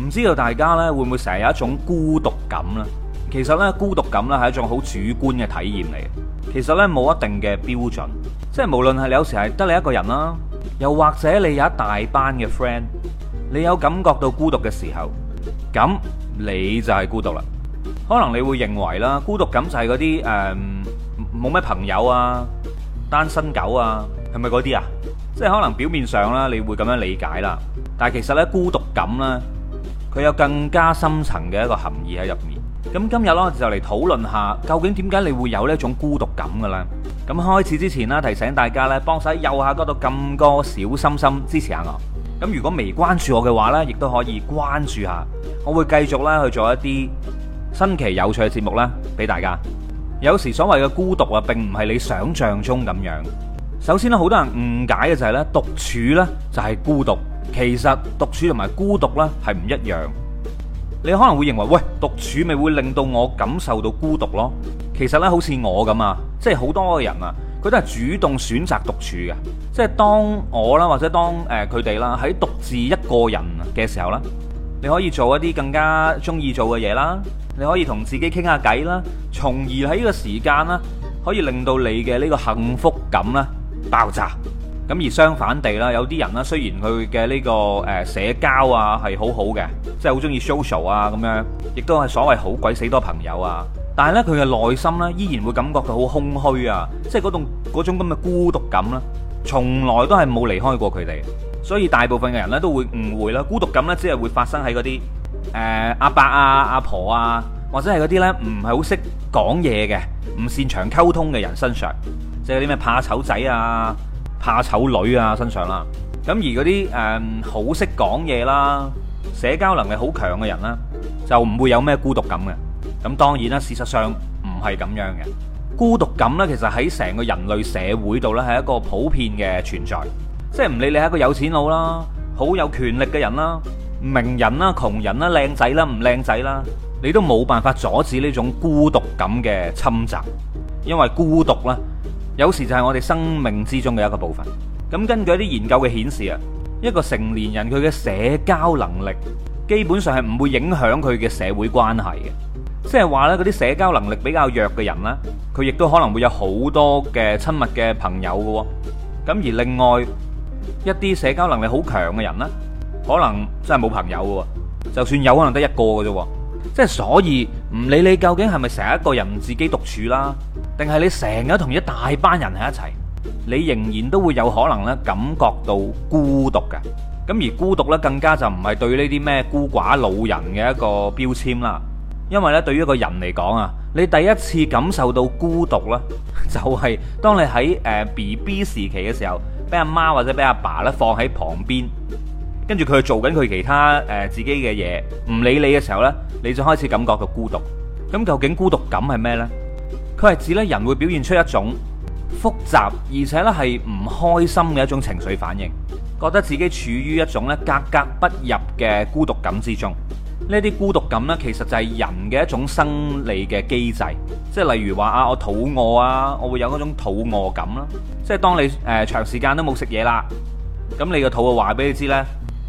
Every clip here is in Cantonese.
唔知道大家呢會唔會成日有一種孤獨感呢？其實呢孤獨感呢係一種好主觀嘅體驗嚟，其實呢冇一定嘅標準，即係無論係你有時係得你一個人啦，又或者你有一大班嘅 friend，你有感覺到孤獨嘅時候，咁你就係孤獨啦。可能你會認為啦，孤獨感就係嗰啲誒冇咩朋友啊，單身狗啊，係咪嗰啲啊？即係可能表面上啦，你會咁樣理解啦，但係其實呢孤獨感呢。佢有更加深層嘅一個含義喺入面。咁今日我就嚟討論下，究竟點解你會有呢一種孤獨感嘅咧？咁開始之前呢，提醒大家呢，幫手喺右下角度撳多小心心支持下我。咁如果未關注我嘅話呢，亦都可以關注下。我會繼續咧去做一啲新奇有趣嘅節目咧，俾大家。有時所謂嘅孤獨啊，並唔係你想象中咁樣。首先咧，好多人誤解嘅就係咧，獨處呢就係孤獨。其實獨處同埋孤獨呢係唔一樣，你可能會認為喂獨處咪會令到我感受到孤獨咯？其實呢，好似我咁啊，即係好多嘅人啊，佢都係主動選擇獨處嘅。即係當我啦，或者當誒佢哋啦喺獨自一個人嘅時候呢，你可以做一啲更加中意做嘅嘢啦，你可以同自己傾下偈啦，從而喺呢個時間啦，可以令到你嘅呢個幸福感啦爆炸。咁而相反地啦，有啲人啦，雖然佢嘅呢個誒社交啊係好好嘅，即係好中意 social 啊咁樣，亦都係所謂好鬼死多朋友啊，但係咧佢嘅內心咧依然會感覺到好空虛啊，即係嗰種嗰種咁嘅孤獨感啦，從來都係冇離開過佢哋。所以大部分嘅人咧都會誤會啦，孤獨感咧只係會發生喺嗰啲誒阿伯啊、阿婆啊，或者係嗰啲咧唔係好識講嘢嘅、唔擅長溝通嘅人身上，即係啲咩怕醜仔啊。怕醜女啊身上啦，咁而嗰啲誒好識講嘢啦、社交能力好強嘅人啦，就唔會有咩孤獨感嘅。咁當然啦，事實上唔係咁樣嘅。孤獨感咧，其實喺成個人類社會度呢，係一個普遍嘅存在。即係唔理你係一個有錢佬啦、好有權力嘅人啦、名人啦、窮人啦、靚仔啦、唔靚仔啦，你都冇辦法阻止呢種孤獨感嘅侵襲，因為孤獨啦。有時就係我哋生命之中嘅一個部分。咁根據一啲研究嘅顯示啊，一個成年人佢嘅社交能力基本上係唔會影響佢嘅社會關係嘅。即係話咧，嗰啲社交能力比較弱嘅人咧，佢亦都可能會有好多嘅親密嘅朋友嘅。咁而另外一啲社交能力好強嘅人咧，可能真係冇朋友嘅，就算有可能得一個嘅啫。即係所以，唔理你究竟係咪成一個人自己獨處啦，定係你成日同一大班人喺一齊，你仍然都會有可能咧感覺到孤獨嘅。咁而孤獨呢，更加就唔係對呢啲咩孤寡老人嘅一個標籤啦。因為呢，對於一個人嚟講啊，你第一次感受到孤獨啦，就係當你喺誒 BB 時期嘅時候，俾阿媽或者俾阿爸呢放喺旁邊。跟住佢做緊佢其他誒自己嘅嘢，唔理你嘅時候呢，你就開始感覺個孤獨。咁究竟孤獨感係咩呢？佢係指呢，人會表現出一種複雜而且呢係唔開心嘅一種情緒反應，覺得自己處於一種呢，格格不入嘅孤獨感之中。呢啲孤獨感呢，其實就係人嘅一種生理嘅機制，即係例如話啊，我肚餓啊，我會有嗰種肚餓感啦。即係當你誒長時間都冇食嘢啦，咁你個肚啊，話俾你知呢。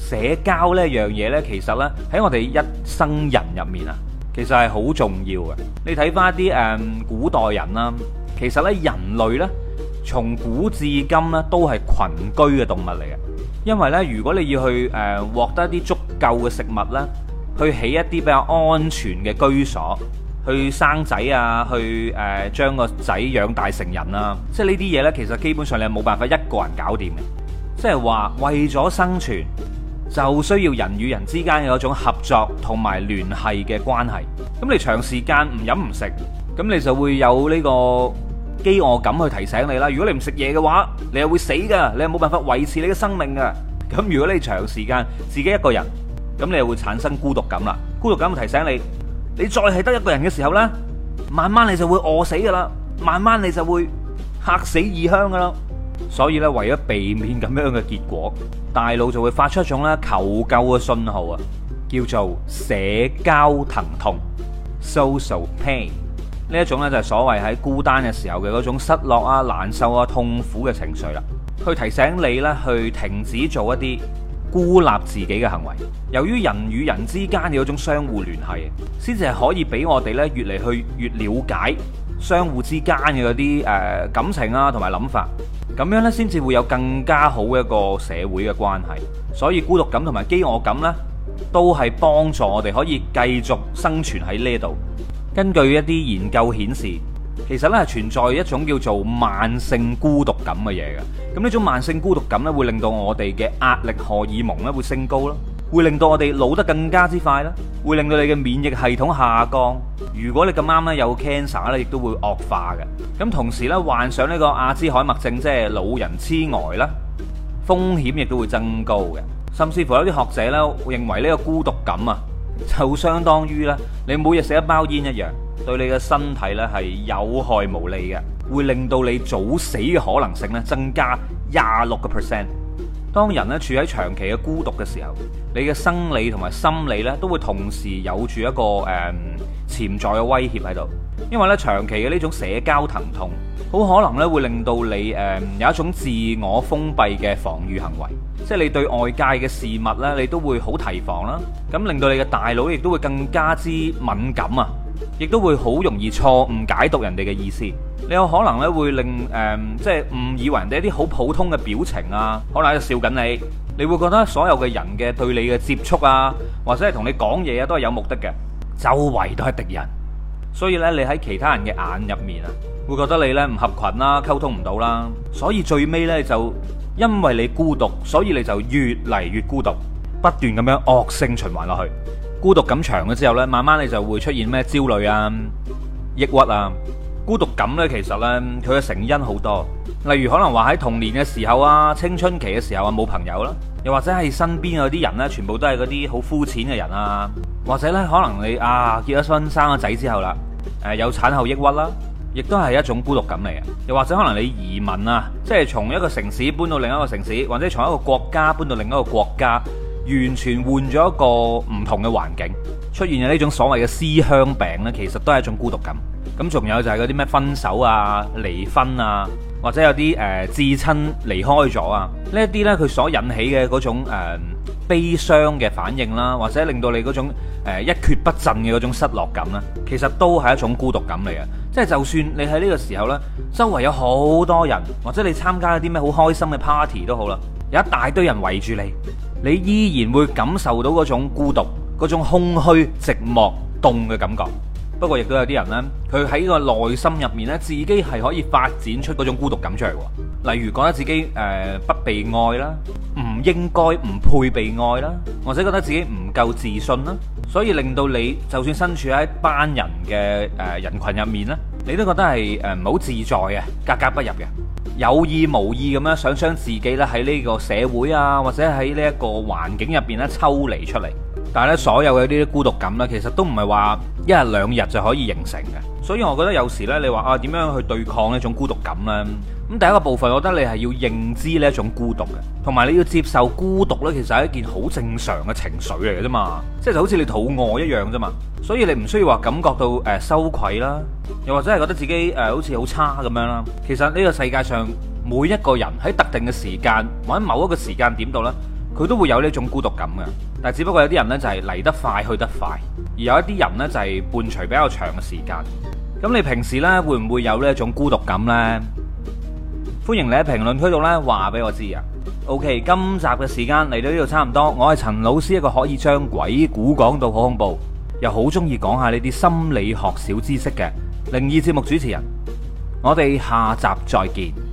社交呢樣嘢呢,其實呢,喺我哋一生人入面啊,其實係好重要嘅。你睇返一啲,呃,古代人啦,其實呢,人類呢,從古至今呢,都係群居嘅動物嚟嘅。因為呢,如果你要去,呃,獲得一啲足夠嘅食物啦,去起一啲比較安全嘅居所,去生仔呀,去,呃,將個仔養大成人呀,即係呢啲嘢呢,其實基本上你係冇辦法一個人搞掂嘅。即係話,為咗生存,就需要人與人之間嘅一種合作同埋聯繫嘅關係。咁你長時間唔飲唔食，咁你就會有呢個飢餓感去提醒你啦。如果你唔食嘢嘅話，你又會死㗎，你又冇辦法維持你嘅生命㗎。咁如果你長時間自己一個人，咁你又會產生孤獨感啦。孤獨感會提醒你，你再係得一個人嘅時候呢，慢慢你就會餓死㗎啦。慢慢你就會嚇死異鄉㗎啦。所以咧，為咗避免咁樣嘅結果，大腦就會發出一種咧求救嘅信號啊，叫做社交疼痛 （social pain）。呢一種咧就係所謂喺孤單嘅時候嘅嗰種失落啊、難受啊、痛苦嘅情緒啦，去提醒你咧去停止做一啲孤立自己嘅行為。由於人與人之間嘅嗰種相互聯繫，先至係可以俾我哋咧越嚟去越了解相互之間嘅嗰啲誒感情啊，同埋諗法。咁樣咧，先至會有更加好一個社會嘅關係。所以孤獨感同埋飢餓感咧，都係幫助我哋可以繼續生存喺呢度。根據一啲研究顯示，其實咧係存在一種叫做慢性孤獨感嘅嘢嘅。咁呢種慢性孤獨感咧，會令到我哋嘅壓力荷爾蒙咧會升高咯。會令到我哋老得更加之快啦，會令到你嘅免疫系統下降。如果你咁啱咧有 cancer 咧，亦都會惡化嘅。咁同時咧患上呢個亞茲海默症，即係老人痴呆啦，風險亦都會增高嘅。甚至乎有啲學者咧認為呢個孤獨感啊，就相當於咧你每日食一包煙一樣，對你嘅身體咧係有害無利嘅，會令到你早死嘅可能性咧增加廿六個 percent。當人咧處喺長期嘅孤獨嘅時候，你嘅生理同埋心理呢都會同時有住一個誒、嗯、潛在嘅威脅喺度，因為呢長期嘅呢種社交疼痛，好可能呢會令到你誒、嗯、有一種自我封閉嘅防禦行為，即係你對外界嘅事物呢你都會好提防啦，咁令到你嘅大腦亦都會更加之敏感啊！亦都會好容易錯誤解讀人哋嘅意思，你有可能咧會令誒、呃、即係誤以為人哋一啲好普通嘅表情啊，可能喺度笑緊你，你會覺得所有嘅人嘅對你嘅接觸啊，或者係同你講嘢啊，都係有目的嘅，周圍都係敵人，所以咧你喺其他人嘅眼入面啊，會覺得你呢唔合群啦、啊，溝通唔到啦，所以最尾呢，就因為你孤獨，所以你就越嚟越孤獨，不斷咁樣惡性循環落去。孤獨感長咗之後呢，慢慢你就會出現咩焦慮啊、抑鬱啊。孤獨感呢，其實呢，佢嘅成因好多，例如可能話喺童年嘅時候啊、青春期嘅時候啊冇朋友啦、啊，又或者係身邊嗰啲人呢、啊，全部都係嗰啲好膚淺嘅人啊，或者呢，可能你啊結咗婚生咗仔之後啦，誒有產後抑鬱啦、啊，亦都係一種孤獨感嚟嘅。又或者可能你移民啊，即係從一個城市搬到另一個城市，或者從一個國家搬到另一個國家。完全換咗一個唔同嘅環境，出現嘅呢種所謂嘅思鄉病呢，其實都係一種孤獨感。咁仲有就係嗰啲咩分手啊、離婚啊，或者有啲誒、呃、至親離開咗啊，呢一啲呢，佢所引起嘅嗰種、呃、悲傷嘅反應啦，或者令到你嗰種、呃、一蹶不振嘅嗰種失落感咧，其實都係一種孤獨感嚟嘅。即係就算你喺呢個時候呢，周圍有好多人，或者你參加一啲咩好開心嘅 party 都好啦，有一大堆人圍住你。你依然會感受到嗰種孤獨，嗰種空虛、寂寞、凍嘅感覺。不過亦都有啲人呢，佢喺個內心入面呢，自己係可以發展出嗰種孤獨感出嚟。例如，覺得自己不被愛啦，唔應該唔配被愛啦，或者覺得自己唔夠自信啦。所以，令到你，就算身處喺班人嘅呃人群入面呢，你都覺得係唔好自在嘅，格格不入嘅。有意無意咁樣想將自己咧喺呢個社會啊，或者喺呢一個環境入邊咧抽離出嚟，但係咧所有嘅呢啲孤獨感呢，其實都唔係話一日兩日就可以形成嘅，所以我覺得有時呢，你話啊點樣去對抗呢種孤獨感呢？咁第一個部分，我覺得你係要認知呢一種孤獨嘅，同埋你要接受孤獨呢，其實係一件好正常嘅情緒嚟嘅啫嘛，即係就好似你肚餓一樣啫嘛。所以你唔需要話感覺到誒、呃、羞愧啦，又或者係覺得自己誒好、呃、似好差咁樣啦。其實呢個世界上每一個人喺特定嘅時間，或者某一個時間點度呢，佢都會有呢一種孤獨感嘅。但只不過有啲人呢就係、是、嚟得快去得快，而有一啲人呢就係、是、伴隨比較長嘅時間。咁你平時呢會唔會有呢一種孤獨感呢？歡迎你喺評論區度咧話俾我知啊！OK，今集嘅時間嚟到呢度差唔多，我係陳老師一個可以將鬼故講到好恐怖，又好中意講下呢啲心理學小知識嘅靈異節目主持人，我哋下集再見。